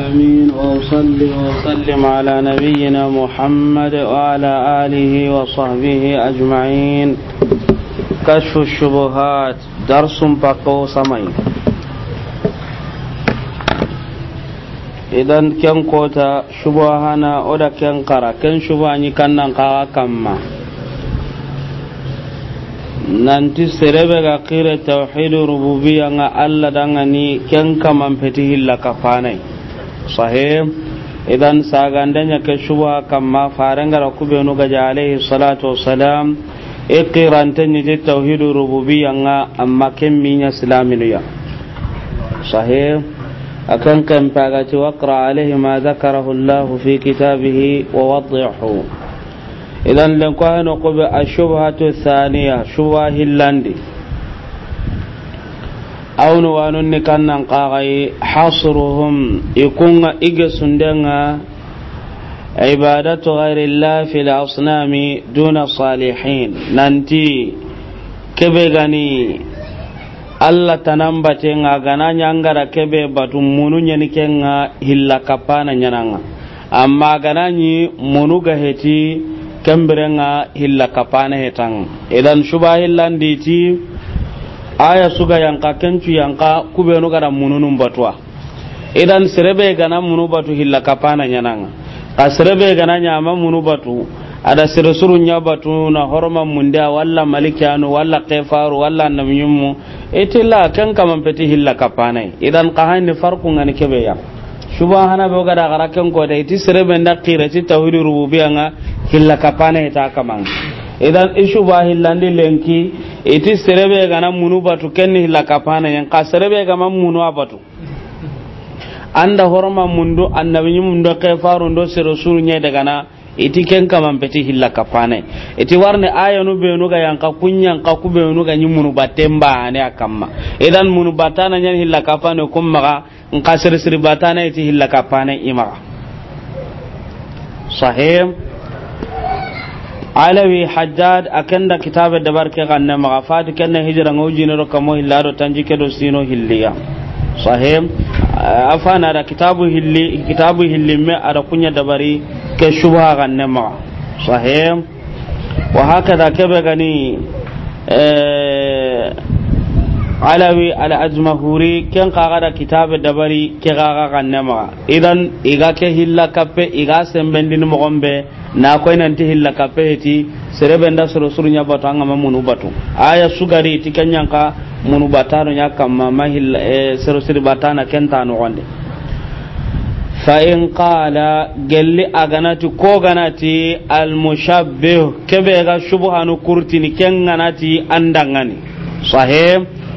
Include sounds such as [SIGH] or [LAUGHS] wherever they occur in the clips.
العالمين وأصلي وأسلم على نبينا محمد وعلى آله وصحبه أجمعين كشف الشبهات درس بقو سمي idan ken kota شبهانا أولا ken kara ken شبهاني كان نقاها كما nanti serebe ga kire tauhid rububiyya nga Allah dangani ken kaman fetihilla kafanai sahim idan sagandanya ke shuba kamma kube kubenu gaja alaihi salatu wassalam ikirantanya je tauhid rububiyya nga amma kemminya ya sahim akan kan pagati waqra alaihi ma zakarahu Allah fi kitabihi wa wadhihu idan lan ko no ko be ashubhatu thaniya hillandi awnu wanun ni kannan qaqai hasruhum ikunga iga sundenga ibadatu ghairi llah fil asnami duna salihin nanti kebe gani allah tanambatenga gana ñangara kebe batu munu ñeni kenga hilla kapana nyananga amma ganañi munu ga heti hilla kapana hetang idan suba aya suga yanka kencu yanka kubenu gara mununun batuwa idan sirebe gana munu batu hilla kapana nyananga a sirebe gana nyama munu batu ada sire surun nya batu na horman munda walla malikianu walla kefaru walla namiyinmu itilla kan mampeti hilla kapana idan kahani farku ngani kebe ya subhana be gada gara ken ko da iti sirebe nda qira ti tauhid nga hilla kapana ita kaman idan ishu ba lenki iti serebe gana munu batu kenni la kapana yan ka serebe gama munu abatu anda horma mundu annabi nyum ndo ke faru ndo se rasul nye daga na iti ken kama peti hilla kapane iti warne aya nu be nu ga yan ka kunyan ka ku be nu ga nyum munu batemba ne akamma idan munu batana nyen hilla kapane kumma ga nka sir sir batana iti hilla kapane imara sahim alawi hajjad akenda kitabe dabar ke ganne maga fati kenne hijra ngojino ro kamo hillado tanjike do sino hilliya sahim eh, afana da kitabu hilli kitabu hilli me ada kunya dabari ke shubha ganne ma sahim wa hakada kebe gani eh alawi ala ajmahuri ken kaga da kitabe dabari ke kaga kanema idan iga ke hilla kape iga sembendin gombe na koy nan ti hilla kappe heti serebe nda suru surunya batu anga ma batu aya sugari ti kenyanka munu batano ma ma hilla e, suru suru batana ken tanu gonde fa in qala gelli aganati ko ganati al mushabbih kebe ga subhanu kurtini ken ganati andangani sahih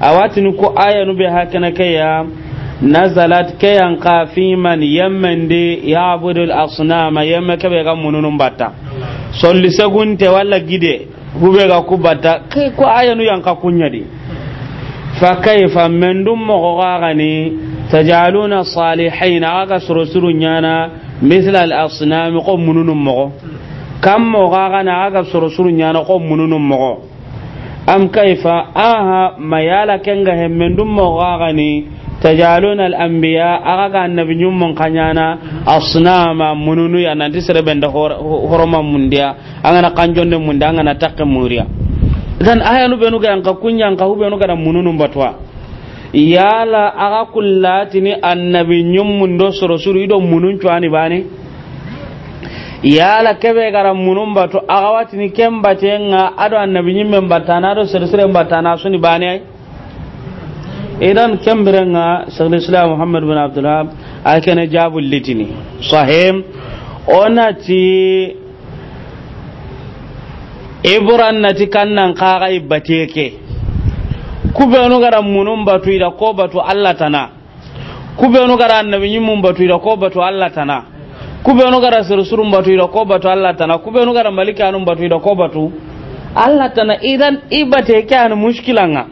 awatini ko aya nu be hakana kaya nazalat kayan kafi man yamman de ya abudul asnama yamma kabe ga mununun batta solli segunte walla gide hube ga ku batta kai ko aya nu yanka kunya de fa kayfa man dum mo ni tajaluna salihin aga surusuru nyana misla al asnami ko mununun mo kam mo na aga surusuru nyana ko mununun mo am kaifa aha mayala kenga hemmen dum mo gani tajaluna al anbiya aga ga annabi nyum mon kanyana asnama mununu ya nan disere benda horoma mundia angana kanjonde munda angana takke muria dan aya nu benu ga an kunya an ka hu benu ga mununu batwa yala aga kullatini annabi nyum mundo soro suru ido munun chwani bani yala kebe gara munun bato agawati ni ken batenga ado annabi nyimme batana do sirsire batana suni bane idan sallallahu alaihi wasallam muhammad bin abdullah wahab akene jabul litini sahim onati ibran nati kannan kaga ibateke kubenu gara munun batu ida ko batu allah tana kubenu gara annabi nyimmun batu ida ko batu allah tana kubenu gara sirsurun batu ida ko batu Allah tana kubenu gara malika anun batu ida ko batu Allah tana idan ibate ke anu mushkilanga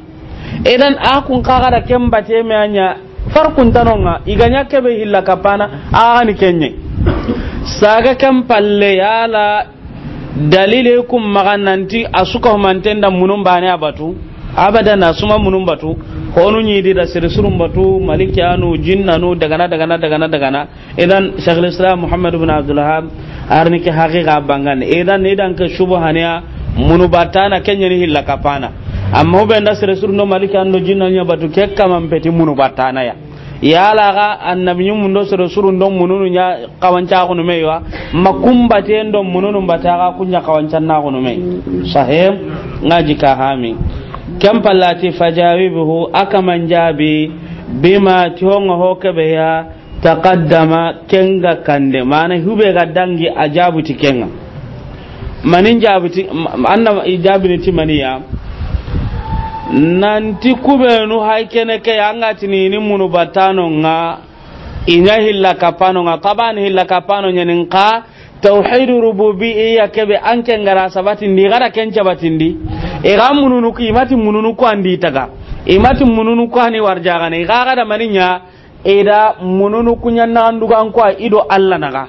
idan akun gara ken bate me anya farkun tanonga iganya kebe hilla kapana aani kenye saga kan palle yala dalile kum magananti asuka humantenda munum bane abatu abada na suma munun batu honu ni di da sirsurun batu maliki anu jinna daga na daga na daga na daga na idan shaykhul islam muhammad ibn abdul arni ke haqiqa bangan idan idan ke shubhaniya munu batana kenya ni hilla kapana amma hobe da sirsurun no maliki anu jinna jinnanu batu ke kaman peti munu batana ya ya laga annabi nyum ndo soro surun don mununu nya kawanta ko no meywa makumba te don mununu batara kunya kawanca na ko no me sahem ngaji ka hami كم بلاتي فجاوبه أكمن جابي ta kaddama kenga تقدم كنغا كند ga dangi a jabuti kenga manin jabiti anna ijabini ti maniya nanti kubenu haikene ke anga ni munu batano nga inya hilla kapano nga ta hilla kapano nyenin ka tauhidu rububiyya kebe anke ngara sabati ndi gara kenca batindi iga mununu ki imati mununu ko andi taga imati mununu ko ani warjaga ne iga da maninya ida mununu kunya na nduga an ko ido alla naga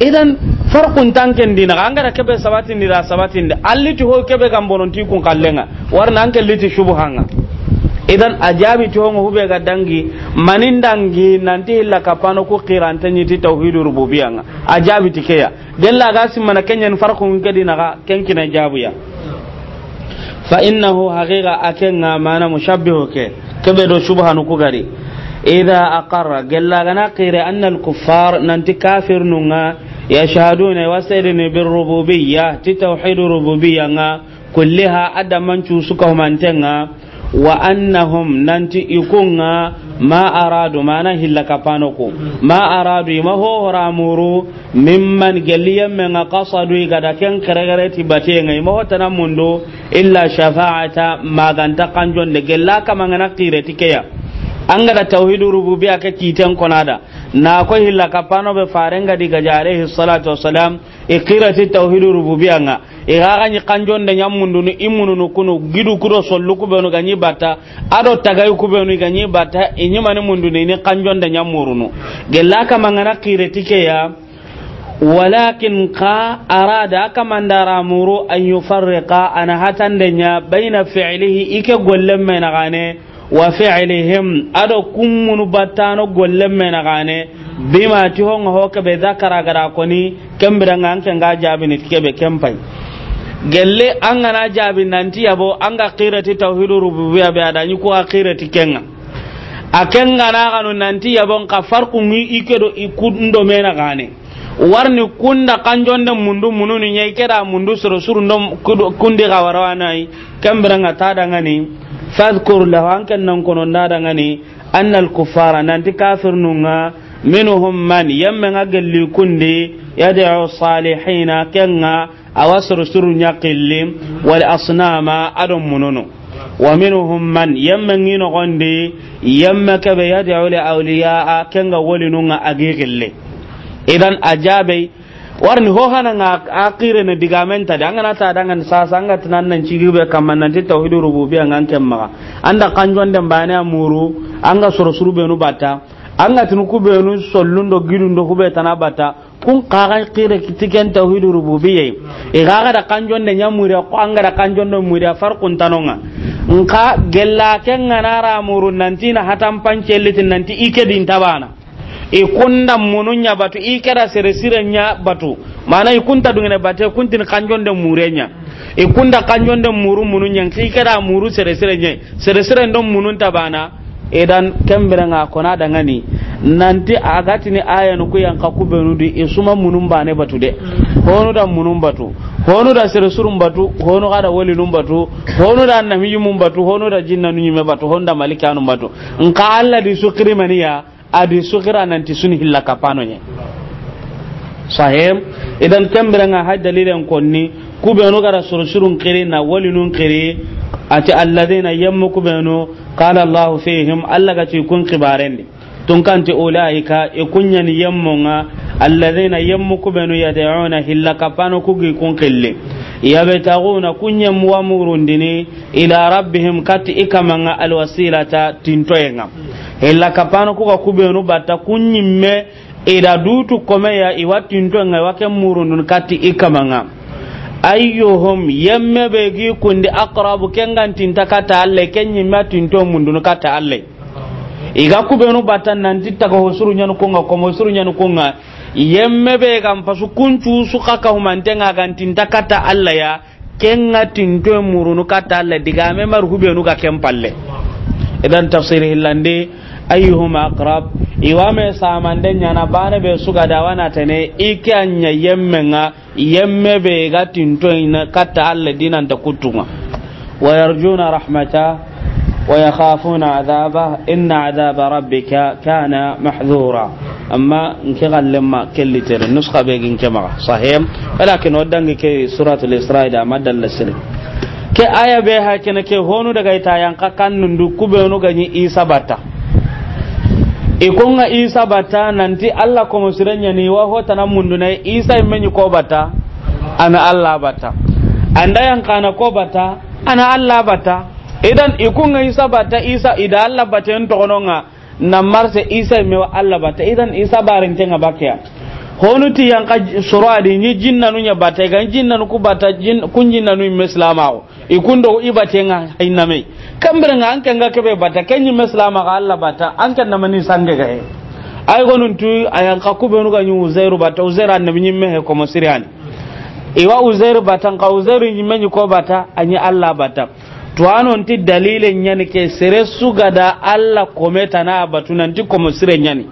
idan farqun tanken dina ga ngara kebe sabatin dira sabatin da alli to ho kebe kan bonon ti kun kallenga warna an liti shubuhanga idan ajabi to ho hube ga dangi manin dangi nanti illa kapano ko qiranta ni ti tauhidur rububiyanga ajabi tikeya della ga simmana kenyen farqun kedina ga kenkina ya fa innahu haqiqa akenga mana mushabbihu ke kabe do subhanu ku gari idha aqarra galla gana qira anna al kuffar nanti kafir nunga yashhaduna wasaidina bir rububiyyah ti tauhid rububiyyah nga kulliha adaman suka manten humantenga wa annahum nanti ikunga ma aradu mana hilla kapano ko ma aradu ma ho horamuru mimman galiyam men qasadu igada ken kare ti ngai ma ho tanan mundo illa shafa'ata maganta kanjon de gella kamanga nakire tikeya an gada tauhidu rububiyya ke kiten konada na ko hilla kapano be farenga diga jare salatu wassalam ikirati e tauhidu rububiyya nga e ga ni kanjon de nyamundu ni imunu no kuno gidu kuro sollu ku benu ganyi bata ado tagay ku benu ganyi bata inyima e ni mundu ni ni kanjon de nyamurunu gella ka mangana kirati ke ya walakin ka arada kama mandara muru an yufarriqa ana hatan de nya baina fi'lihi ike gollem mai na gane wa fi'lihim ado kummunu battano golle mena gane bima ti honga hoka be zakara gara koni kembira nga anke nga jabi ni tikebe kempai gelle anga na jabi nanti yabo anga qirati tauhidu rububiyya be adanyi ku akhirati kenga akenga na ganu nanti yabo nka farqu ngi ikedo ikundo mena gane warni kunda kanjonde mundu mununu nyai kera mundu suru suru ndom kundi gawarwanai kambira nga tadangani fadhkur la ankan nan kono nadangani anna al nan nanti kafir nunga minhum man yamma nga kundi yad'u salihina kenga awasru suru nyaqilli wal asnama adam mununu wa minhum man yamma ngino gondi yamma kabe yad'u li awliya kenga nunga agigille idan ajabe warni ho hana nga akire ne digamenta da ngana ta dangan sa sanga tunan nan cigi be kamman nan tauhidur rububiyya ngan kemma anda kanjon dan bana muru anga suru be nu bata anga tinu ku be nu sollundo gidundo kube be tanabata kun qara qira kitigen tauhidur rububiyya e gaga da kanjon den nyamuri ko anga da kanjon den muri farqun tanonga nka gella ken ngana ra muru nanti na hatan pancelitin nanti ike din tabana i kunda mununya batu i kera sere nya batu mana i kunta dungene bate kuntin kanjonde murenya i kunda de muru mununya i kera muru sere nya sere siren don munun tabana idan kembere nga kona dangani nanti ni aya no ku yanka nudi isuma munun bane batu de hono da munun batu hono da sere surun batu hono kada wali num batu hono da annabi mun batu hono da jinna nun batu hono da malikanu batu nka ka Allah di mani ya. adi sugira nanti suni hilla kapano ne sahem idan kambira nga hay dalilan konni no gara sursurun qiri na walinun qiri ati alladheena yammu no qala allah fihim allaka ti kun qibarendi tun kanti ulaika ikunyani yammu nga alladheena yammu no yad'una hilla kapano kugi kun qille yabtaguna kunyam wamurundini ila rabbihim kati ikamanga alwasilata tintoyenga illa kapano kuka kubenu batta kunyimme ida dutu komeya iwa tintoyenga iwake murundun kati ikamanga ayyuhum yemme be gi kundi aqrabu kengan tinta kata alle kenyimma tinto mundun kata alle iga kubenu batta nanti taga hosuru nyanu kunga komo hosuru nyanu kunga yemme be gan fasu kuncu su kaka humantenga gan tinta kata alla ya kenga tinto murunu kata alla diga me mar hubenu ga kempalle idan tafsir hillande ayyuhuma aqrab iwa me samande nyana bana be suga da wana tane ike anya yemme nga yemme be ga tinto ina kata alla dinan ta kutuma. wa yarjuna rahmata ويخافون عذابه إن عذاب ربك كان محذورا أما إنك لما كل تر النسخة بيجين كما صحيح ولكن ودنك كي سورة الإسراء إذا مدى للسلم ke aya be ha kene ke honu daga ita yanka kan nundu kube no ganyi isa bata e konga isa bata nanti alla ko musirenya ni wa hota na mundu na isa ko bata ana alla bata anda yang kana ko bata ana alla bata idan ikunga isa bata isa ida allah bata yin tokononga na marse isa me wa allah bata idan isa barin tenga bakya honu ti yang ka soro adi ni jinna nu nyabata ga jinna nu kubata jin kun jinna nu muslima o ikundo ibate nga hinna mai kambere nga anke nga kebe bata kenyi muslima ga allah bata anke na mani sange ga ay gonun tu ayan ka kube nu ga nyu zero bata zero na binyi me ko mosiriani iwa uzeru batan ka uzeru nyimenyi ko bata anyi allah bata to anon ti dalilin nyani ke sere su gada alla kometa na batu nan ti komo sire nyani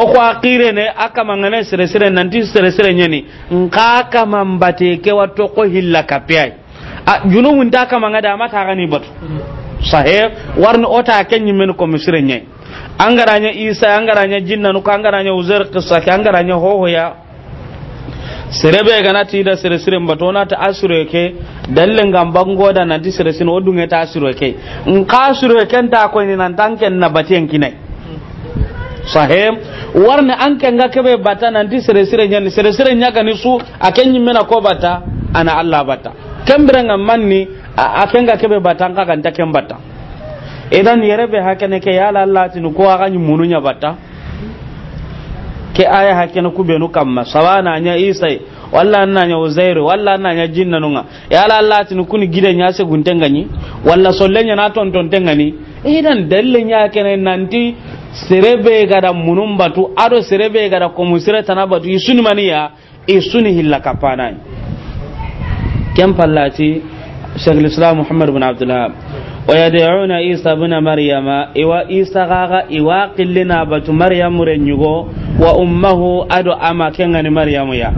o ko akire ne aka mangane sire sire nan ti sire sire nyani nka aka mambate ke wato ko hilla kapiai a juno mun da aka mangada mata gani batu sahe warna ota kenyi min komo sire gara angaranya isa angaranya jinna nuka angaranya uzair qissa ke hoho hohoya serebe gana ti da sere sere mbato na ta asure ke gan bango da na ti sere sere odun ta asure ke in ka asure ke ta ko ni nan tanken na batiyen kinai sahem warne an kan ga kebe bata nan ti sere sere nyan sere sere ga ni su aken nyi mena ko bata ana Allah bata kembere ngam a aken ga kabe bata ka kan ta ken bata idan yerebe hakane ke ya Allah tin ko ga ni mununya bata ke aya na kubenu kamma sawana nya isai walla anna nya uzairu walla anna nya nunga, ya la allah tin kuni gidan nya se gani walla sollenya na ton ton tengani idan dalle nya kene nanti serebe gada munum batu ado serebe gada ko musire tanabatu isuni ya isuni hillaka kapanani kem pallati شيخ الإسلام محمد بن عبد الوهاب ويدعون عيسى بن مريم إوا عيسى غاغا إوا قلنا بت مريم مرنجو wa ummahu ado ama kengani maryamu ya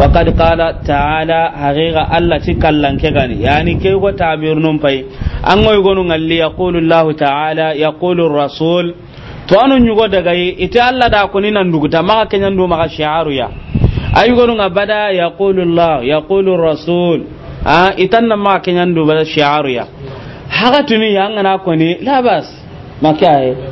wa qad qala ta'ala haqiqa alla tikallan kegani yani ke go tabir num pai an goy gonu ngalli yaqulu allah ta'ala yaqulu rasul to an anu nyugo daga yi ita alla da kuni nan duguta maka kenyan do maka shi'aru ya ayu gonu ngabada yaqulu allah yaqulu rasul a itan nan maka kenyan do ba shi'aru ya haga tuni yanga na kuni labas makai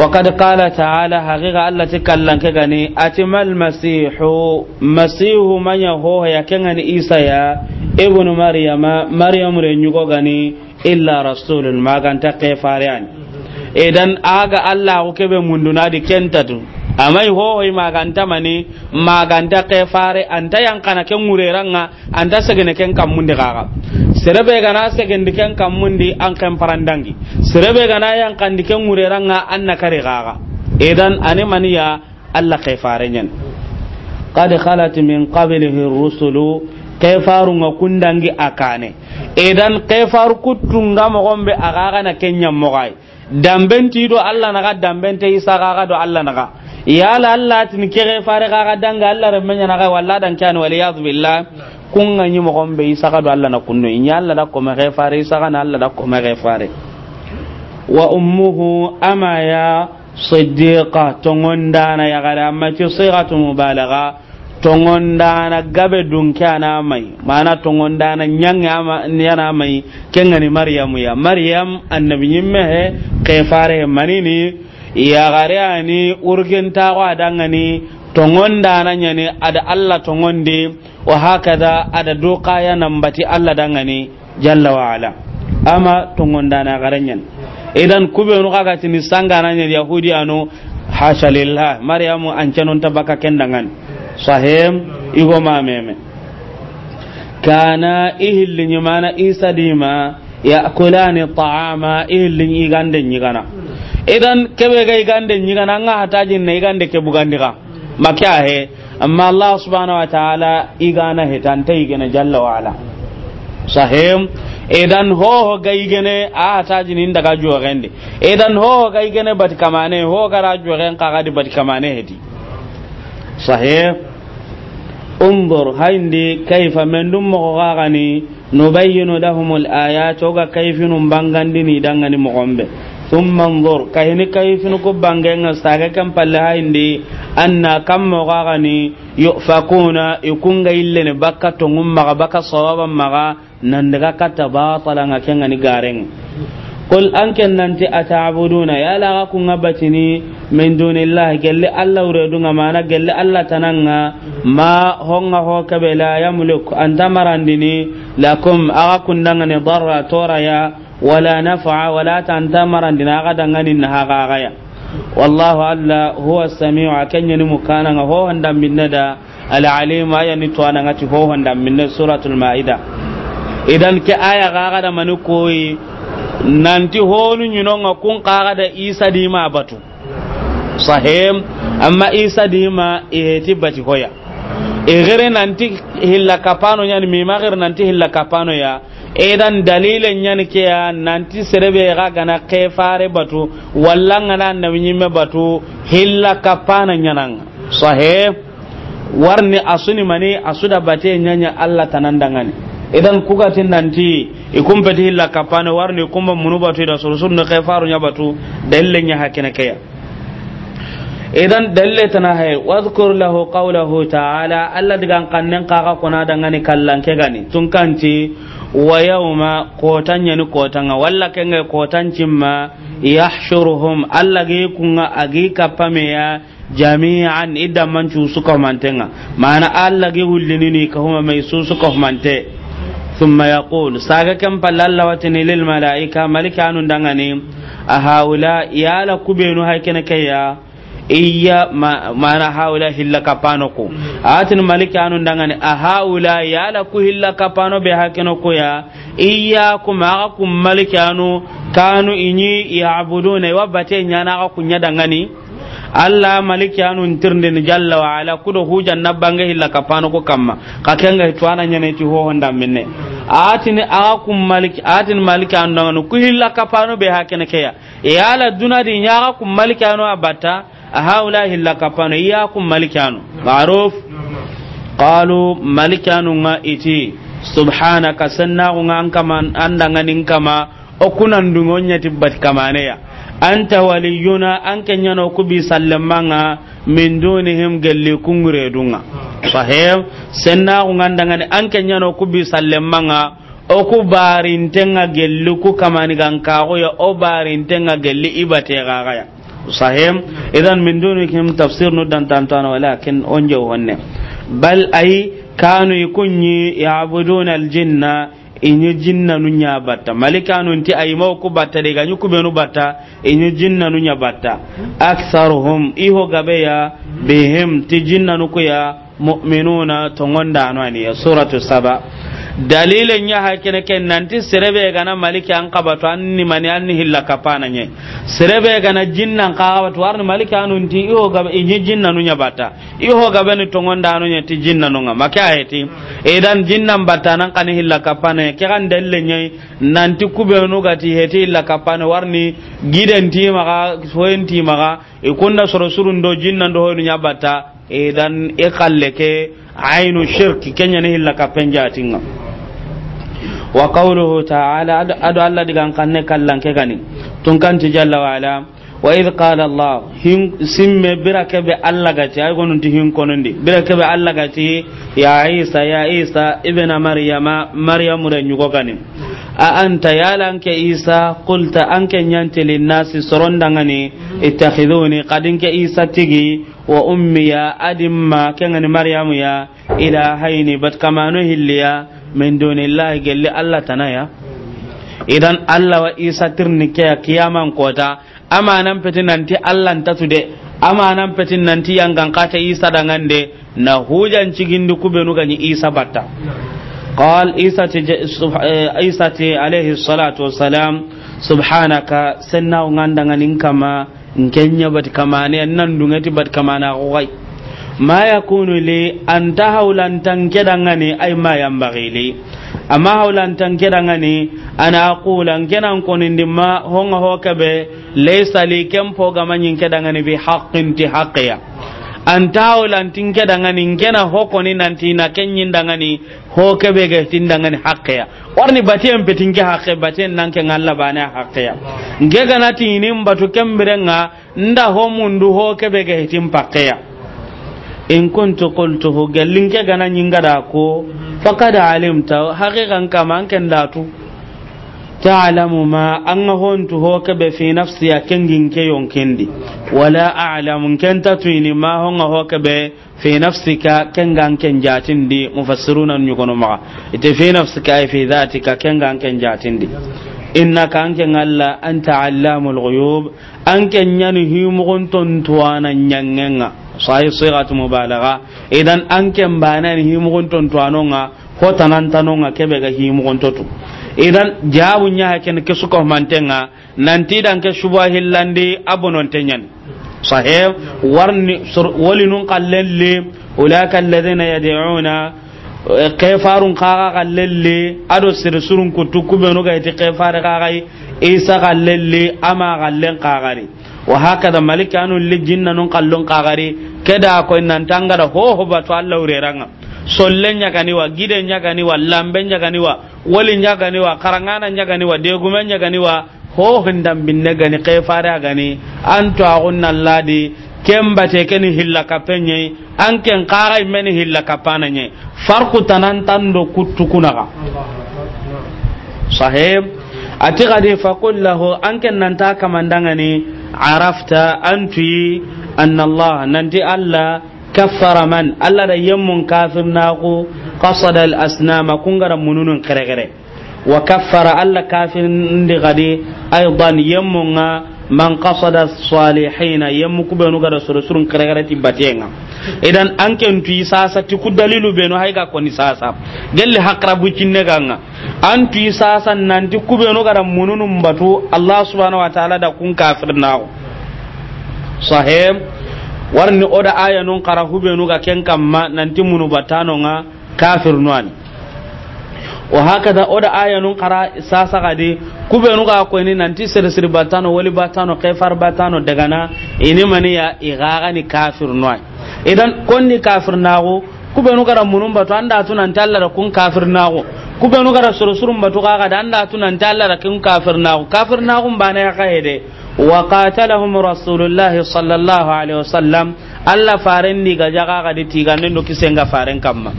وقد قال تعالى حقيقة الله تكلم كغني أتم المسيح مسيح من يهوه يكن إيسا يا ابن مريم مريم رنجو غني إلا رسول ما كان تقفاريان idan aga Allah ko kebe munduna di kentatu amai hohoi maganta mani maganta ke fare anta yang kana ken ngureranga anta segene ken munde gaga serebe gana segendi ken kammundi an kan parandangi serebe gana yan kandi ken ngureranga an na kare gaga idan ane maniya alla kai farenyen qad khalat min qablihi ar-rusul kai faru nga kundangi akane idan kai faru kutunga mo gombe agaga na kenya mogai dambenti do alla naga dambente isa gaga do alla ya yala alla tin kire fare gaga danga alla na ga walla dan kan waliyadu billah Kunga ga nyimo be isaka do Allah na kunno inya Allah da ko ma ga fare isaka na Allah da ko ma ga wa ummuhu amaya siddiqa tongonda na ya gara amma ci sigatu mubalagha tongonda na gabe dun kana mai mana tongonda na nyanga na mai kengani maryam ya maryam annabi nyimme he kefare manini ya gare ani urgenta wa dangani tongon dana nyane ada Allah tongon de wa hakada ada doka ya nambati Allah dangane jalla wa ala ama tongon na garanyan idan kube no kaga tin sanga nanya yahudi ano hasha lillah maryamu an canon tabaka kendangan sahem igo ma meme kana ni mana isa dima ya kulani ta'ama ihilli igande nyigana idan kebe ga igande nyigana nga hatajin na igande ke bugandika maka he amma allah subhanahu wa ta'ala igana hetanta igana jalla wa ala sahim idan hoho ga gane a ta ni daga gande idan hoho ga gane bat kamane ho gara gane ka gadi bat kamane hedi Sahim, umbur haindi kaifa men dum mo gani nubayyinu lahumul al-ayat ga kaifinu bangandini dangani mo gombe sun manzor ka yi ni kai fi nuku bangayen sage kan falle hain da an na kan mawaka ne fa kuna ikun ga yi lene baka tungun maka baka sababan maka nan daga kata ba a tsala a kyan gani garen kul an kyan nan ti a ta abu duna ya laka kun ga bace ni min duni lahi gelle allah wure dunga mana gelle allah ta nan ga ma honga ho kabe la ya muluk an damarandini lakum aga kun dangane barra tora ya wala nafa'a wala tantamara dina ga dangani na haga gaya wallahu alla huwa samiu akanya ni mukana nga ho handa minna da al alim aya ni to ananga ho handa minna suratul maida idan ke aya ga da mani koyi nanti honu nyino nga kun kaga da isa di ma batu sahim amma isa di ma iheti bati hoya igere nanti hilla kapano nyani mi magir nanti hilla kapano ya idan dalilan yan ke ya nanti serebe ga gana ke fare batu wallan na annabi nyimme batu hilla kapana nyanan sahe warni asuni mani asuda bate nyanya Allah tanandangani idan kuga tin nanti ikum pati hilla kapana warni kumba batu da surusun na ke nya batu dalilan ya hakina kaya idan dalle tana hay wadhkur lahu qawlahu ta'ala Allah digan kannen kaga kuna dangani kallan ke gani tun kanti wa yawma kotan yani kotan walla ma kotan cimma yahshuruhum allage ge kunga age kapame ya jami'an idan man cu suka mantenga mana allage ge ni ka huma mai su suka mante thumma yaqul saga kan pallalla watini lil malaika malikanu dangane a haula ya la kubenu na kayya iya mana haula hilla kapano ko atin maliki anu dangane a haula ya la ku hilla kapano be hakino ko ya iya kuma ku maliki anu kanu inyi ya abuduna wa bate nyana ku kunya ni. Allah maliki anu ntirnde ni jalla wa ala do hujan na bange hilla kapano ko kamma ka kenga to ana nyane ti ho honda minne atin ku maliki atin maliki anu dangane ku hilla kapano be hakene ke ya la dunadi nyaga ku maliki anu abata هؤلاء اللي كفانوا إياكم ملكانو معروف قالوا ملكانو إتي سبحانك سنناه ngan kama an danganin kama o kunan dungoñati bat kamaneya anta waliyuna an ke ñano min dunihim gelli kunguredunga sahib sennaxu ngan dangani an ke ñano kubi sallemanga o barintenga gelli ku kamanigan gelli o barintenga ya صحيح اذا من دونهم تفسير ندن تانتان ولكن انجو هن بل اي كانوا يكون يعبدون الجن inyi jinna nu nya batta malika nu nti ay maw ku batta de ga nyuku benu batta inyi jinna nu nya batta aktsaruhum iho gabe ya bihim ti jinna nu ku ya mu'minuna tongonda no ani suratu saba dalile nya ha kene ken nanti serebe gana maliki an qabatu anni mani anni hilla kapana nye serebe gana jinna qabatu warni maliki anu nti iho gabe inyi jinna nu nya bata iho gabe ni tongonda anu nya ti jinna nu nga makya heti edan jinna bata nan kani hilla kapana ke kan dalile nya nanti kube nu gati heti hilla kapana warni giden ti maga soyen ti maga ikunda soro surun do jinna do nya bata edan ikalle e ke ainu shirki kenya ne hilla ka penjatinga wa qawluhu ta'ala adu Allah digan kanne kallan ke gani tun kanti jalla wa ala wa idh qala Allah hin simme bira be Allah gati ay gonun ti hin konondi birake be Allah gati ya Isa ya Isa ibn maryama maryamu re nyugo gani a anta ya lanke qulta anke nyanti lin nasi sorondangani ittakhiduni qadinke Isa tigi wa ummiya adin ma kengani maryamu ya hayni bat kamano hilliya min dunillahi gelli allah tanaya idan allah wa isa tirni ke kiyaman kota amanan fitin nanti allah tude ama amanan fitin nanti yangan kata isa dangan de na hujan cigin du kubenu ganyi isa batta قال عيسى عليه الصلاة والسلام سبحانك سنة وغندنا كما nkenya bat kamane nan dungati bat kamana gogai ma yakunu li an tahawlan ngani. ay ma yambaghi li amma hawlan ngani ana aqula nkenan konindi ma honga hokabe laysa li kempo po gamanyin kedangani bi haqqin ti haqqiya antawo lantin ke dangani ngena hokoni nanti na kenyin dangani hoke be ga tin dangani hakya warni batiyen petin ke hakke batiyen nan ke ngalla bana hakya nge ga nati inin batu nga nda ho mundu hoke be ga tin pakya in kuntu qultuhu gallin ke ga nan yinga da ko faqad alimta haqiqan kama an ken datu ita ta'lamu ma an hontu ho ka be fi nafsi ya kengin ke yonkindi wala a'lamu kanta tuini ma hon ho ka be fi nafsika kengan ken jatindi mufassiruna nyukono ma ite fi nafsika ay fi dhatika kengan ken jatindi innaka anke ngalla anta allamul ghuyub anke nyani himugon ton tuwana nyangenga sahi sigatu mubalagha idan anke mbanan himugon ton tuwanonga ko tanantanonga kebe ga himugon totu idan jabu nya haken ke suko mantenga nanti dan ke subahillandi abonon tenyan sahih warni walinun qallalle ulaka alladhina yad'una eh, kefarun kaga kallelle ado sirsurun kutu kubenu ga ite kefare kaga isa kallelle ama kallen kagari wa hakada malika anu lijinna nun kallon kagari kada ko nan tangara ho ho batu Allah ureranga sollen ñaganiwa giden wa? lamben ñaganiwa woli wa? karangana ñaganiwa degumen ñaganiwa hohon dambinne gani kefare a gani an to ladi. nalladi ken bate keni hilla kapenye ñei an ken kaxai meni hilla kappana ñei farku tanan tan do ga sahib ati gadi faqul lahu an ken nanta kamandangani arafta antu anna allah nanti allah kafara man allah da yammun kafir naku qasada al asnama kungara mununun kare kare wa kaffara allah kafir ndi gadi aidan man qasada salihina yammu kubenu idan an kentu sasa ti ku dalilu beno hay ga koni sasa gelle hakra bucinne ganga an tu sasa batu allah subhanahu wa ta'ala da kun kafir naku sahem warni oda aya nun kara hube nuga ken kamma nanti munu batano nga kafir nuan wa hakada oda aya nun kara sasa gadi kube nuga ko ni nanti sir sir batano wali batano kefar batano daga ini mani ya igaga ni kafir nuan idan konni kafir nago nuga da munun batu anda tu nanti Allah da kun kafir nago kubenu gara surusurun batu ga ga anda tu nanti Allah da kun kafir nago kafir nago mbana ya kaide وقاتلهم رسول الله صلى الله عليه وسلم ألا فارن دي جاغا غدي تيغان نو كيسنغا فارن كما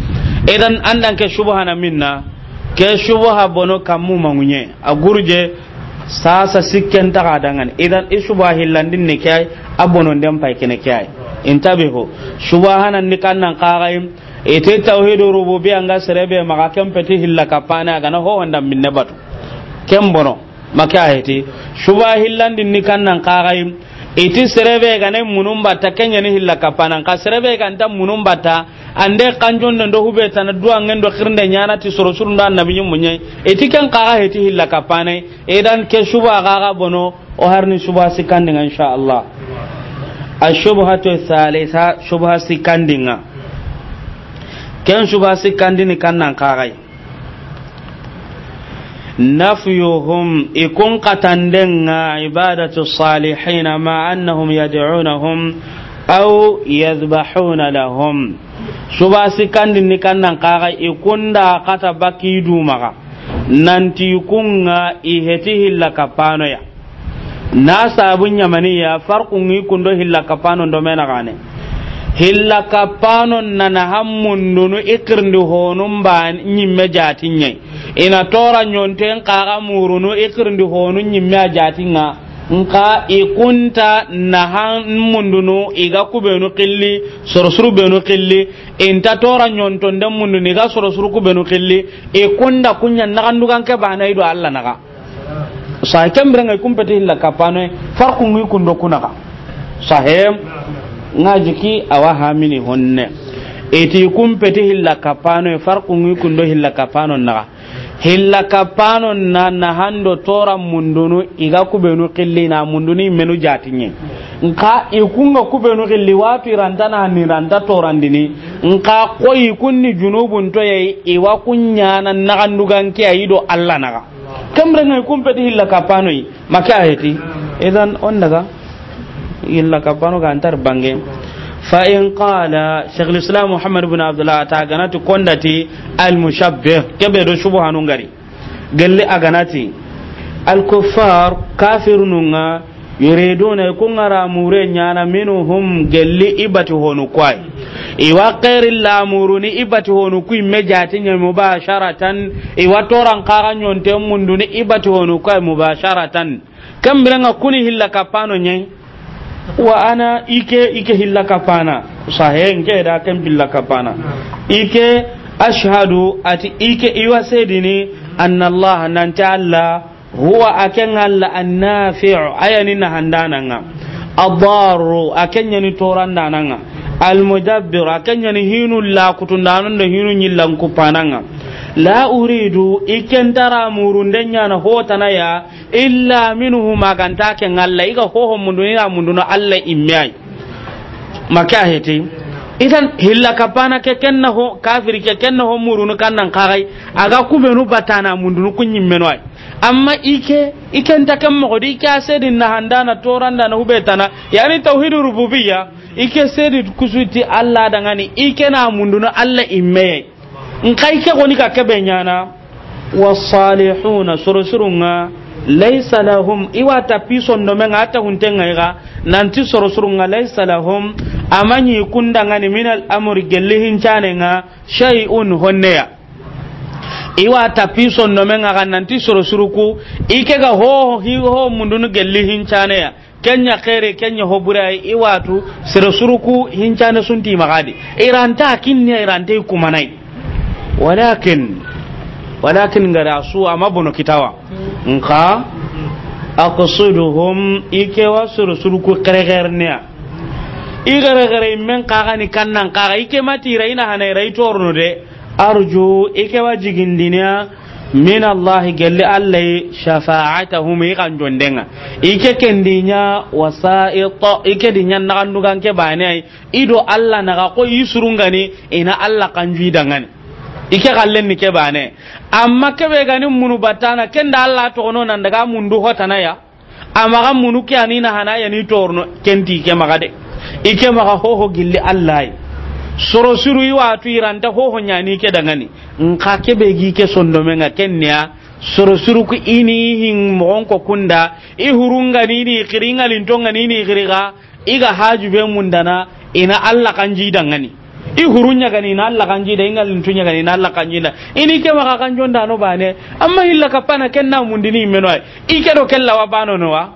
ke أندن كشبهنا منا كشبه بنو كمو مغنية sasa sikken ta kadangan idan ishuba hillandin ne kai abonon den pai kene kai intabihu shubahanan ni kannan qaraim ite tauhidu rububiyya nga serebe maka kapana kana ho minne batu kembono a makaheti shuba hillandin ni kannan kagai iti serebe ga ne munun bata kenya ni hilla kapanan ka serebe ga nta munun bata ande kanjon ndo hube ta tan duwa ngendo khirnde nyana ti soro surun da nabi munye iti kan kaga heti hilla kapane edan ke shuba gaga bono o harni shuba sikandinga insha Allah ashubhatu thalitha shubha sikandinga ken shuba sikandini kannan kagai نفيهم يكون قتندنا عبادة الصالحين مع أنهم يدعونهم أو يذبحون لهم subasi kandi ni kannan kaga ikunda kata baki dumaga nanti kunga iheti hilla kapano ya na sabun yamaniya farqun ikundo hilla kapano ndo mena gane hilla kappanon nana hammundunu ikirndi honum baan ñimme jatinñay ina tora ñonten kaka murunu ikirndi honu ñimme a jatinga nka ikunta nahammundunu iga kubenu qilli sorosuru benu qilli inta tora ñontonden mundunu iga sorosuru kubenu qilli ikunda kuña naxandugankue banayido alla naxa sa kembirengay kumpeti hilla kappanoy farkungui kundo kunaxa sahem nga jiki awa hamini honne eti kumpeti hilla kapano e farqu ngi do hilla kapano naga hilla kapano na na hando tora mundunu iga kubenu qilli na munduni menu jatinye nka ikunga kubenu qilli watu iranta na ni ranta torandini nka koyi kunni junubun to yayi iwa kunyana na kandugan ke ayido alla naga kamre kun peti hilla kapano yi maka heti idan on daga yilla kapano ga bange fa in qala shaykhul muhammad ibn abdullah ta ganati kondati al mushabbih do aganati al kuffar kafirununga yuriduna kungara mure nyana minuhum gelli ibati honu kwai iwa qairi lamuruni ibati honu kui mejati nya mubasharatan ibati honu kwai mubasharatan kam kuni hilla wa ana ike ike hilla kapana sahe nke da kan billa kapana ike ashhadu ati ike iwa sedini anna allah nan ta allah huwa aken allah annafi'u ayani na handana nga adaru aken yani toran nga almudabbir aken yani hinu la kutundanun da hinu nyillan kupananga la uridu murun denya na hota na ya illa minhu maganta ken Allah iga hoho mundu na Allah imyai maka heti idan hilla kapana ke kenna ho kafir ke kenna ho kan nan kai aga kubenu batana mundunu kunyimmeno ai amma ike ikenta kan magodi ike asedin na handana toranda na hubetana yani tauhidur rububiyya ike sedi kusuti Allah dangani ike na na Allah immai kai ke goni ka kebe nyana wasalihuna surusurunga laysa lahum iwa tapison do menga ata huntenga ga nanti surusurunga laysa lahum amanyi kunda ngani minal amr chane nga shay'un honnea iwa tapison do menga ga nanti surusuruku ike ga ho ho mundunu chane ya kenya kere kenya hoburai iwatu surusuruku chane sunti magadi iranta kinni irante kumanai walakin walakin ga da su amma bono kitawa nka aqsiduhum ike wasur surku kregernia igare men kaga ni kan nan kaga ike matira ina hana rai torno de arju ike wajigindinia min Allah gelli Allah shafa'atahum ikan jondenga ike kendinya wasaita ike dinya nakandugan ke bane ido Allah na naga ko isurungani ina Allah kanjui dangani ike kallen ni ke bane amma ke kebe ni munu batana kenda Allah to ono nan daga mundu na ya amma ga munu ke ani na hana ya ni torno ti ke magade ike maga ho ho gilli Allah soro suru yi wa tu iranta ho ho ni ke dangani nka be gi ke sondo ken ya soro suru ku ini hin mon ko kunda i hurunga ni ni kiringa lintonga ni ni kiriga iga haju be mundana ina Allah kanji dangani i hurunya gani na Allah kanji da ingal tunnya gani na Allah kanji da ini ke maka kanjon da no bane amma illa kapana kenna mundini meno ai ike do kella wa bano no wa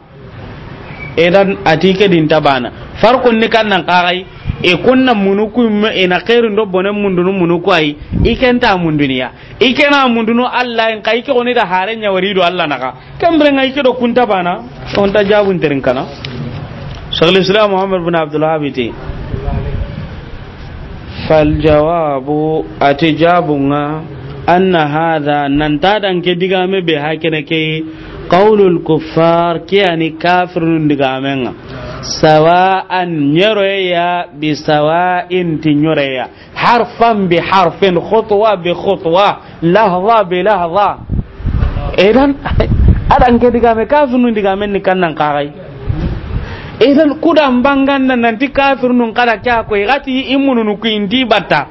edan atike din bana farqun ni kan nan qarai e kunna munuku e na khairu do bonen mundunu munuku ai ikenta munduniya ikena mundunu Allah in kai ke oni da harenya do Allah naka kambre ngai ke do kunta bana on ta jabun terin kana Shaykhul Islam Muhammad bin abdullah Wahhab فالجواب أتجابنا أن هذا ننتادا كدقام بهاكنكي قول الكفار كياني كافر دقامنا سواء نيريا بسواء تنيريا حرفا بحرف خطوة بخطوة لحظة بلحظة إذن أدن كدقام كافر دقامنا كنن قاقي idan kudan banganda nanti kafir nun kada kya ko igati imunu nu kuindi bata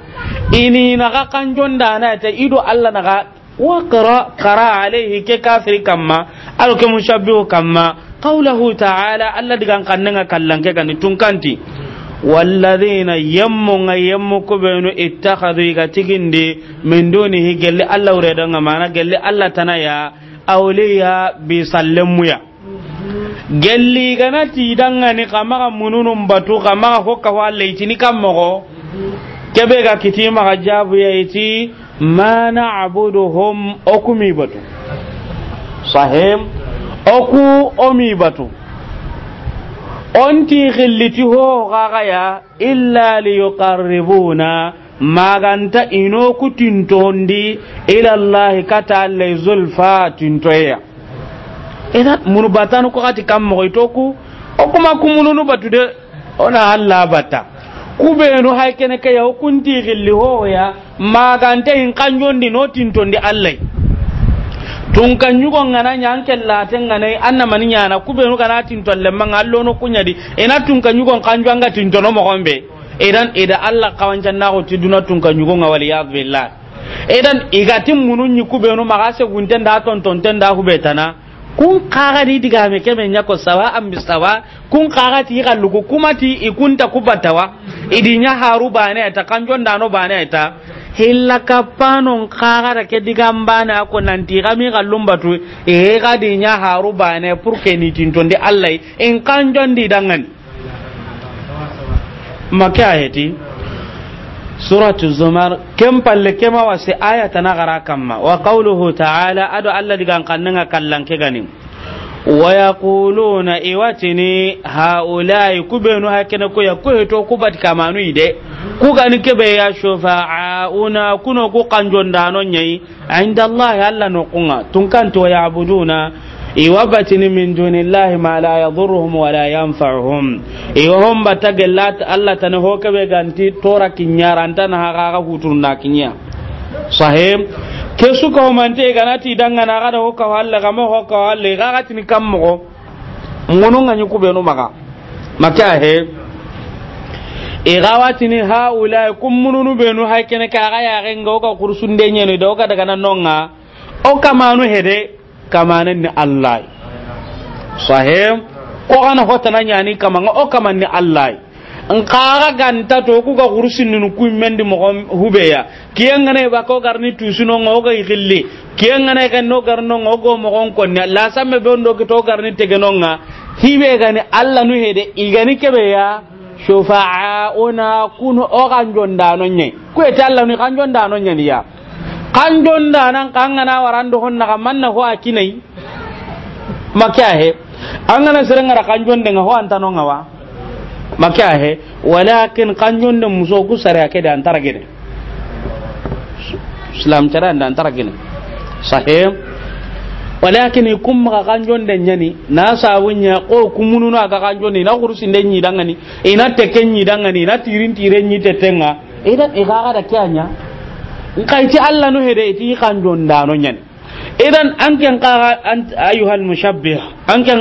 ini na ga kanjon da na ta ido Allah na ga wa qara qara alaihi ke kafir kamma al ke mushabbihu kamma qawluhu ta'ala Allah digan kannanga kallan ke kan tunkanti والذين يمون يمو كبينو اتخذوا يغتيغندي من دونه قال الله وريدنا معنا قال الله تنايا أولياء ya gelli gana ti dangani kamar mununum batu ka hokka ho ni itini kammogo kebe ga kiti maga jabu ya iti hom na'buduhum mi batu sahim oku omi batu onti xilliti ya illa yuqarribuna maganta ino ku ila ilallahi kata allai zulfa eda munu bata ko ati kam moy to ku o kuma kumunu nu batude ona alla bata kubenu hay kene ke yaw kunti gilli ho ya magante in kanjondi no tintondi allai tun kan yugo ngana nyan kella ten ngana anna mani nyana kubenu kana tintolle manga allo no kunyadi ina tun kan yugo kanjo anga tintono mo gombe idan ida alla kawancan na ko tiduna tun kan yugo ngawali ya billah idan igatin munun yi kubenu magase gunten da ton ton ten da hubetana kun kaga ni diga me kebe nya ko sawa am bisawa kun kaga ti kallugo kuma ti ikunta kubatawa idinya haru bane ta kanjon dano bane ta hillaka panon kaga da ke diga na ko nan ti ga mi kallum batu e ga dinya haru bane purke ni tintonde allai en kanjon di dangan maka heti suratu zumar kem palle kema wasi aya tana gara kamma wa qawluhu ta'ala ado allah digan kannanga haulai kubenu hakene ko yakuhe to kubat ya shufa'auna kuno ku kanjon dano tunkan to ya'buduna iwabatini min dunillahi ma la yadurruhum wa la yanfa'uhum iwa hom batagellat allah tan ho kebe ganti tora kinyarantan ha ga ga hutunna kinya sahib ke suka homante ganati dangana gada ho ka walla ga mo ho ka walla ga ga tin kam mo ngono ngani ku be no maga maka he igawatini haula kum mununu be no hay kene ka ga ya ga ngo ka kursun de nyene do ga daga nan nonga o kamanu hede kamanen ni allah sahim ko ana hota nan yani kaman o kaman ni allah in kaga ganta to ku ga gursin nun ku mendi mo hubeya kiyan ngane ba ko garni tusuno ga igilli kiyan ngane ga no garno ngo go mo gon ko ne la samme be ndo to garni tegenonga hibe gani Allah nu hede igani kebe ya shufa'a una kunu o kan jondano nye ku eta alla nu kan jondano nye ya kan don da nan kan ngana waran do honna kamman na ho akinai makya he an ngana sirrin ra kan don denga ho antano ngawa makya he walakin kan don da muso ku sare ake da antara gede islam cara da antara gede sahih walakin kum maka kan don da nyani na sawunya ko kumunu na ga kan don ni na kursin den yi dangani ina teken yi dangani na tirin tirin nyi tetenga ina igaga da kyanya nkaiti allah nu hede iti kan dano nyen idan an kan qara ayuha mushabbih an kan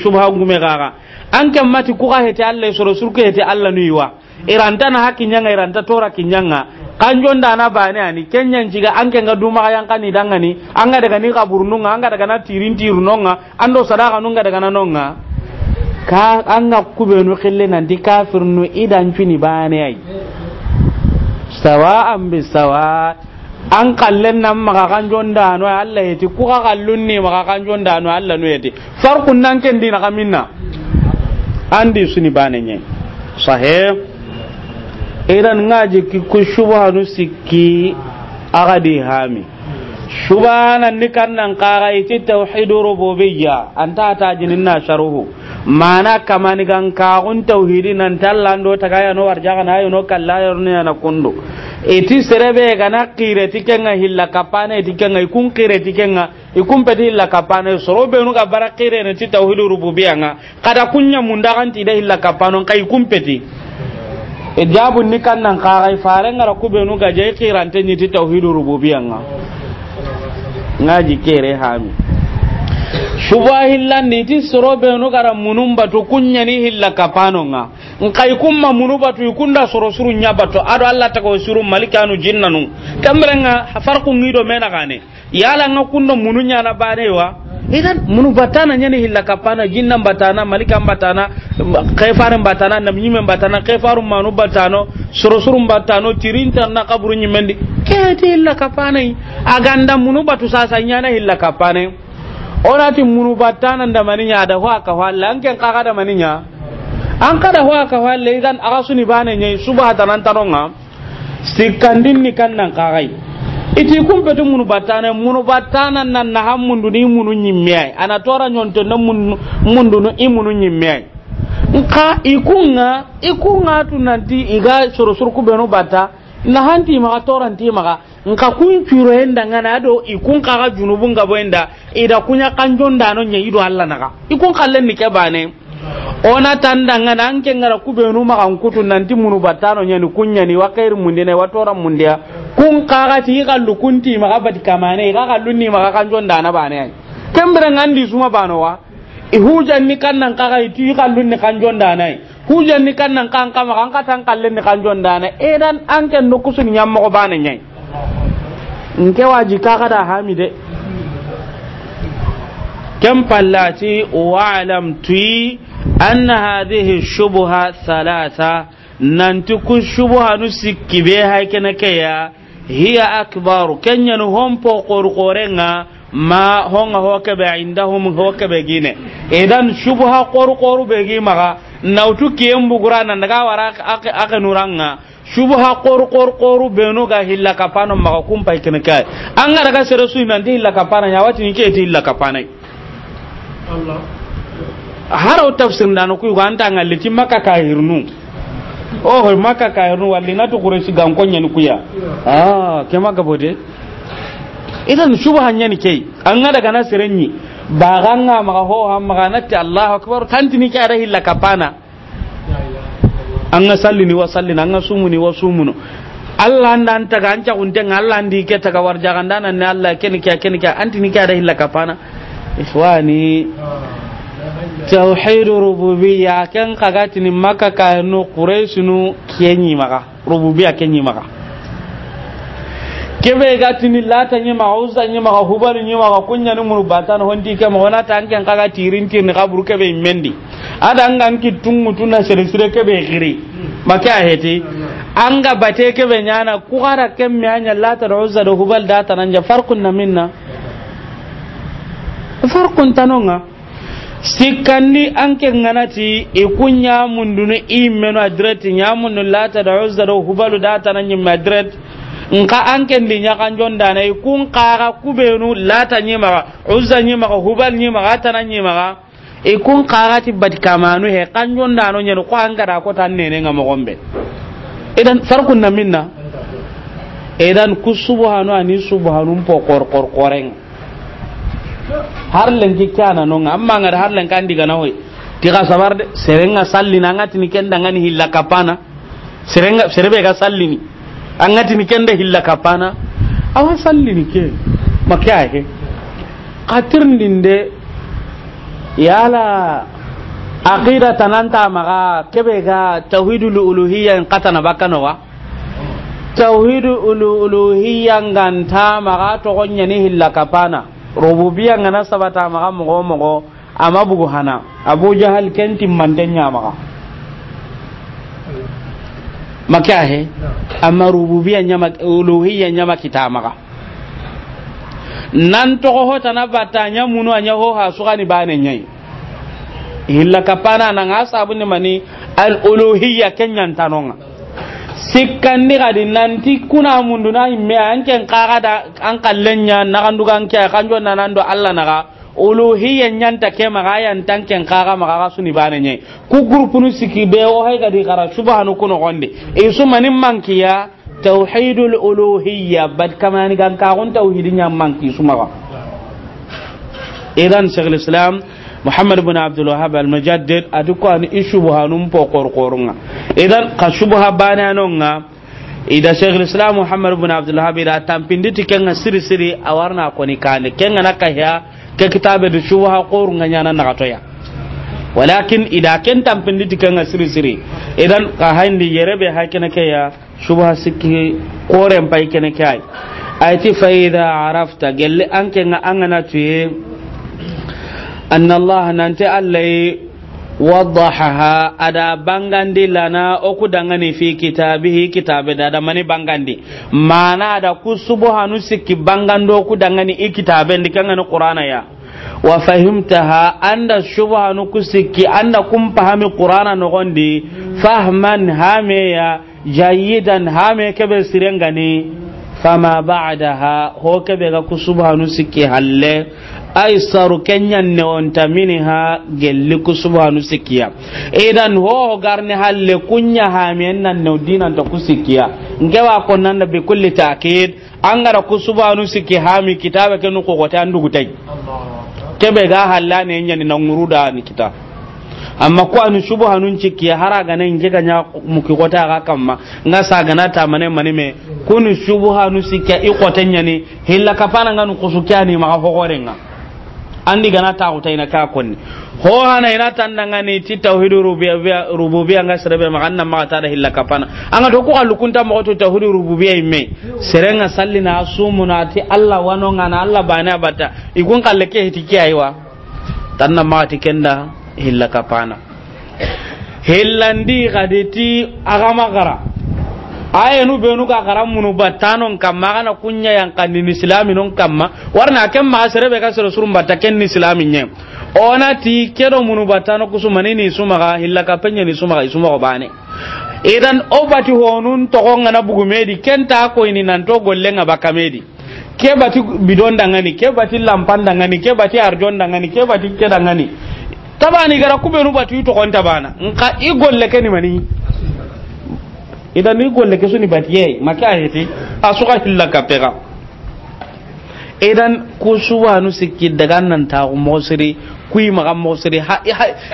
shubha gume qara an kan mati ku ka hete allah soro surke hete allah nu yiwa iranta na iran ta tora kinyanga kanjon dana ne ani kenyan jiga an kan ga duma yang kan ani an ga daga ni nga an ga daga na tirin an do sadaka nunga daga na nga ka an ga kubenu khille nan di nu idan fini ne ai sawa'an bi sawa an kallen nan maka kan jonda no Allah yati ku ka kallun ni maka kan jonda no Allah no yati farqun nan ken dina kaminna andi suni banenye sahih idan ngaji jikki ku shubha nu sikki agadi haami shubananni kannan kaga iti tauhidu rububiyya anta ta jinin na sharuhu mana kamani gan kagun tauhidi nan taga ya no warjaga na yo no kallayor ne na kundu iti serebe gana kire tikenga hilla kapane tikenga ikun kire tikenga ikun pedi hilla kapane sorobe nu ga bara kire ne ti tauhidu rububiyya nga kada kunya munda kan ti da hilla kapano kai ikun pedi ijabun ni kannan kaga fare ngara kubenu ga je kirante ni ti tauhidu rububiyya nga ngaji kere shuba suba ni ti soro benu gara munun batu kunyani hilla kapano nga nkai kumma munu batu ikunda soro suru nya batu ado alla tako suru malikanu jinnanu kambere nga farqu ngido mena gane yala nga kundo munu nyana na wa idan munu batana nyani hilla kapana jinna batana malika batana kayfaran batana nabnyime batana kayfarun manu batano surusurun batano tirinta na kaburu nyimendi kete hilla kapana aganda munu batu sasa nyana hilla kapana onati munu batana ndamani nya da ho ka walla anken kaga da nya. an kada ho ka walla idan aga suni bana nyai tanan taronga sikandin ni kannan kagai iti kumpeti munu battane munu battana na naha mundunu ni munu ñimmeyai ana tora ñontonde mundunu i munu ñimmeyai nka ikunga ikunga tu nanti iga sorosurku benu batta nahanti maga toranti maga nka kun curo enda ngana ado ikun kaga junubu nga boenda ida kunya kanjon dano nya ido alla naga ikun kallen ni kebane ona tanda ngana anke ngara kubenu maga nkutu nanti munu batano nya ni kunya ni wakair munde na watora mundia kun kagati i kallu ma maga di kamane i ga kallu ni maga kanjon dana bane ay kembere ngandi suma bano wa i hujan ni nan kaga itu i kallu ni jonda na ay hujan ni nan kan kama kan katan kallu ni jonda na e dan an ken no kusun nyammo ko bane nyai nke waji kaga da hamide كم فلاتي واعلم salasa أن هذه الشبهة ثلاثة ننتكو be hay kenake ya hiya akbaru kenyan hompo qorqorenga ma honga be indahum be gine idan shubha qorqoru gi maga nautu kiyen bugura nan daga wara nuranga shubha qorqor qoru no ga hilla kapano maga kumpa ikene kai an ga daga sere su imandi hilla kapana ya wati nike ti hilla kapana Allah haro tafsir dano ku ga anta ngalli timma kahirnu oh maka ka yarnu walli na to quraysh gan konya ni kuya ah ke maka bode idan shubu hanya ni kai an ga daga nasirenyi ba ganga maka ho ha maka na ta allahu akbar ni ka rahi la kapana an ga salli ni wa salli an ga sumu ni wa sumu Allah anda anta ga anta unte Allah andi ke taga warjagan dana ne Allah ke ni ke kya ni ka rahi la kapana ikhwani tauhid rububiyya kan kagati ni maka ka no quraish nu kenyi maka rububiyya kenyi maka kebe gati ni lata nyi maka uza nyi maka hubaru nyi maka kunya ni muru batan hondi ke mo na tan kan kagati rin tin ni kaburu kebe mendi ada ngan ki tungu tuna sere sere kebe giri maka hete anga bate kebe nyana kuhara kemme anya lata da uza da hubal data ja farqun na minna farqun tanonga sikandi anke nganati ikunya mundunu imeno adret nyamundu lata da uzza da hubalu data nan yin madret nka anke ndi kan jonda na ikun qara kubenu lata nyima uzza nyima hubal nyima ata na nyima ikun qara ti badkamanu he kan jonda no nyen ko angara ko tan nene nga mogombe idan farkun na minna idan ku subhanu ani subhanum po kor kor koreng har lenki kana non amma ngar har lenka andi gana hoy ti ga sabar de serenga salli na ngati ni kenda ngani hilla kapana serenga serebe ga salli ni angati ni kenda hilla kapana awa salli ni ke makya he qatir ndinde yala aqida tananta maga kebe ga tauhidul uluhiyya in qatana bakano wa tauhidul uluhiyya nganta maga to gonya ni hilla kapana Rububiya ngana sabata maga mogo mogo ama bugu hana abu jahal kenti mandenya maga maka he amma rububiya nyama uluhiyya nyama kitamaga nan togo hota na bata nya munu anya ho ha sugani bane nyai illa kapana nan asabu ni mani al uluhiyya kenyan tanonga sikkandi gadi nanti kuna mundu imme an ken da an kallenya na kan dugan kya kan jo na nan do Allah nyanta ke maga yan tan kaga maga suni bane nye ku grupu nu siki be o hay gadi gara subhanu kuno gonde e su manin mankiya tauhidul uluhiyya bad kamani gan ka gon tauhidin nyam manki sumaga idan shaykhul islam muhammad bin abdul wahhab al mujaddid adu ko an ishubuha num po idan ka shubuha bana nonga ida shaykhul islam muhammad bin abdul wahhab ida tampindi tikenga siri siri awarna ko ni kane kenga nakahya ke kitabe du shubuha korunga nyana nakatoya walakin ida ken tampindi tikenga siri siri idan ka handi yerebe hakina kaya shubha sikki koren pai kene kai ayti Aiti idha arafta gelle anke nga angana tuye أن الله ننتي الله وضحها أدا بانغاندي لنا أكو دانغاني في كتابه كتاب دا ماني بانغاندي مانا أدا كسبوها نسكي بانغاندو أكو دانغاني إي كتاب دي كان قرآن يا وفهمتها أن الشبهة نكسكي أن كم فهم قرآن نغندي فهما هاميا جيدا هامي كبير سيرنغاني fama ba'daha ho ke be ga kusuba nu sikki halle ay saru kenyan ne on tamini ha gelli ku subhanu sikiya idan ho garne halle kunya ha men nan ne dinan ta kusikiya ngewa ko nan da bi kulli ta'kid an gara ku subhanu siki ha mi kitabe ken nu ko ko ta ndugu tai kebe ga halla ne nyani nan nguruda ni kita amma ko an subhanun ciki hara ga nan nya mu ki kota ga kamma nga sa ga na ta mane mane me kun subhanu siki i kotanya ni hilla kapana nganu kusukiani ma ho gorenga andi gana ta hutai na ka konni ho hana ina tandanga ni ti tauhid rububiyya rububiyya nga serebe maganna ma ta da hilla kapana anga to ko alukunta ma to tauhid rububiyya imme serenga salli na asumu na ti Allah wano ngana Allah bana bata igun kalleke hitiki aiwa tanna ma ti kenda hilla kapana hillandi gadeti agama gara n'u benu ka garam munu battanon kamma kana kunya yang kan ni islami non kamma warna kan ma sere be ka sere surum batta ken ni islami nye ona ti kero munu battano kusuma ni suma ga hilla ka penye ni suma ga suma ko bane idan obati honun to gonga na bugu medi ta ko ini nan to golle nga bakamedi ke bati bidon dangani ke bati lampan dangani ke bati arjon dangani ke bati ke dangani tabani gara kubenu batu to kon tabana nka igolle ke ni mani idan ni golle ke suni batiye maka heti asuka hilla kapega idan ku suwanu sikki daga nan ta mosiri ku yi maga mosiri ha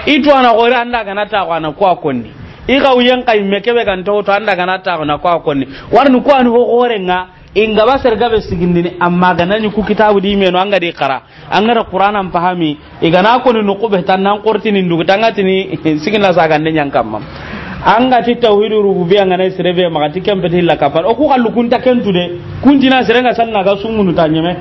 itu ana an daga na ta kana ko akonni i ga uyen kai meke be kan an daga kana ta kana ko akonni warnu ko an ho gore nga inga ba ser gabe ne amma ga nan ku kitabu di meno anga de kara anga da qur'ana pahami igana ko ni nuqube tan nan qortini ndugu tangati ni [LAUGHS] sigina saga ne nyang kamma angati tauhidu rububiyya ngana sirebe magati kempete la kafar o oku kallu kun ta kentu de kun kuntina serenga sanna ga sungunu tanyeme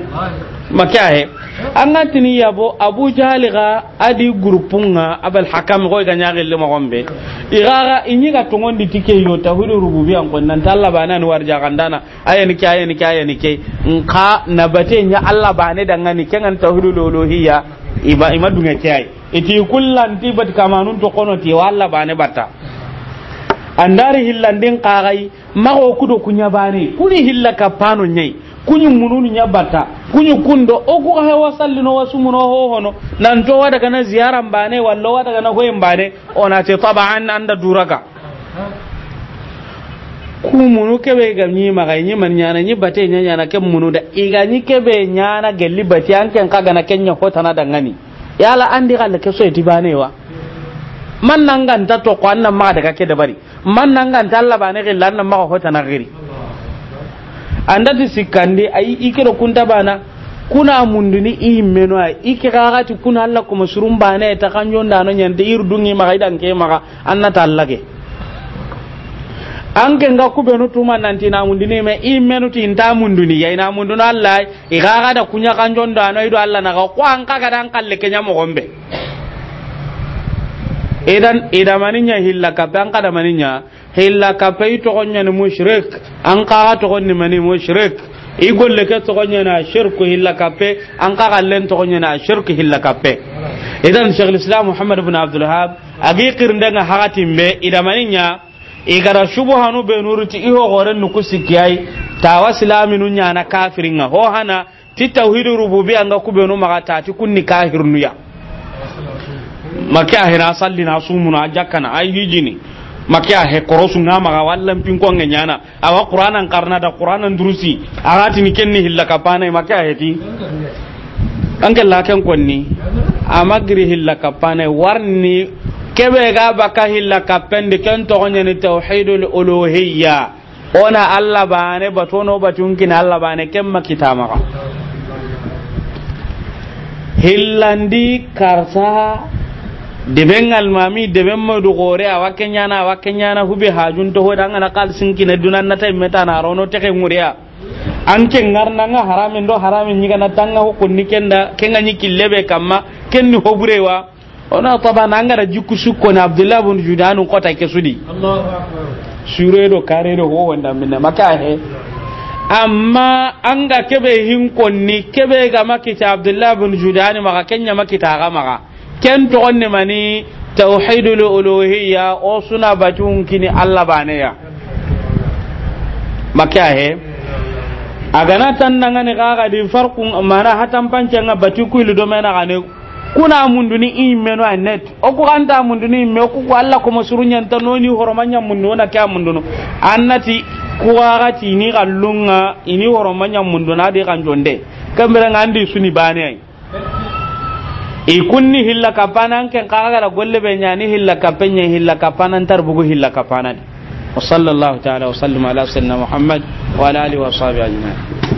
makahe angati tini yabo abu jahal ga adi grupunga abal hakam ko ga nyaage le mo gombe igaga inyi ga tongon di tike yo tauhidu rububiya ko nan talla bana ni warja gandana kandana ni kya ni ki ayen ki nka nabate nya alla bane dangani kengan tawhidu uluhiyya iba imadunga kai iti kullanti bat kamanun to kono ti walla bana bata andari ndin kagai mago kudo kunya bane kuni hilla pano nyai kunyu mununu nyabata bata kunyu kundo oku wasalli no wasu muno ho hono nan to wada kana ziyara bane wallo wada kana hoye bane ona ce taban anda duraka ku munu kebe ga nyi magai nyi man nyana nyi bate nyi nyana ke munu da iga nyi kebe nyana gelli bate an ken kaga na kenya da dangani yala andi kala ke so itibane wa man nan ganta to ko annan ma daga ke da bari man nan kan talla ne gilla nan ma ko tana giri anda ti sikandi ayi ikiro kunta bana kuna mundini i meno ay ikira gati kuna alla ko musurum bane ta kanjo ndano nyande irdungi maga idan ke maga anna tallage an nga kube kubenu tuma ti na mundini me i meno ti inta munduni ya ina mundun Allah i ga ga da kunya kan jondo ano ido Allah na ga ko an ka ga dan kalle kenya mo gombe idan idamaninya hilla kape an kada nyaa hilla kape i togonya ni mushrik an kaga togonni mani mushrik i golle ke togonya na shirku hilla kape an kaga len togonya na shirku hilla kape idan shaykhul islam muhammad ibn abdul wahhab agi qirndenga hagatin be idamaninya igara shubuhanu be nuruti iho goren nuku sikiyai tawa silaminu nyana kafiringa nga hana ti tauhidu rububiyya nga kubenu maga tati kunni kafirnuya maki a hira salli na su muna na ai hijini maki a korosu nga maga wallan pin ko nga nyana awa qur'anan karna da qur'anan durusi arati ni kenni hilla kapana maki a heti an kalla kan konni amagri hilla kapana warni kebe ga baka hilla kapende ken to gonya ni tauhidul uluhiyya ona alla bane batono batunkin alla bane kemma kitama hillandi karsa deben almami deben moydu gore awa kenyana awa kenyana hube hajun to hoda ngana kal sinki ne dunan na tay meta na rono te kenguriya anke ngarna nga haramin do haramin nyiga na tanga hokko nikenda kenga nyiki lebe kamma kenni hobure wa ona taba na ngara jukku sukko na abdullah bin judan ko ta ke sudi allahu akbar sure do kare do ho wanda minna maka he amma anga kebe hin konni kebe ga makita abdullah bin judan maka kenya makita ga maka ken ne mani tawhidul uluhiyya o suna batun kini allah bane ya makya he agana tan nangani ga di farqun mana hatan ga batu ilu do mena gane kuna munduni imeno anet o ku anta munduni me ku ko alla ko masurunya tan noni horomanya mundu na kya munduno annati ku ti ni kallunga ini horomanya mundu na de kanjonde kamera ngandi suni bane ai ikunni hilla kapanan ken kagara golle be nyani hilla kapenya hilla kapanan tar bugu hilla kapanan wa sallallahu ta'ala wa sallam ala sayyidina muhammad wa ala alihi wa sahbihi ajma'in